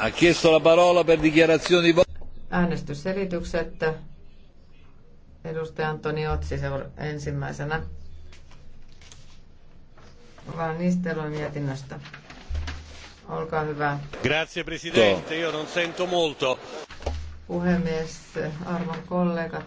Ha chiesto la parola per dichiarazioni di Äänestysselitykset. Edustaja Antoni Otsi seura- ensimmäisenä. Vaan Nistelon mietinnöstä. Olkaa hyvä. Grazie presidente, io non sento molto. Puhemies, arvon kollegat,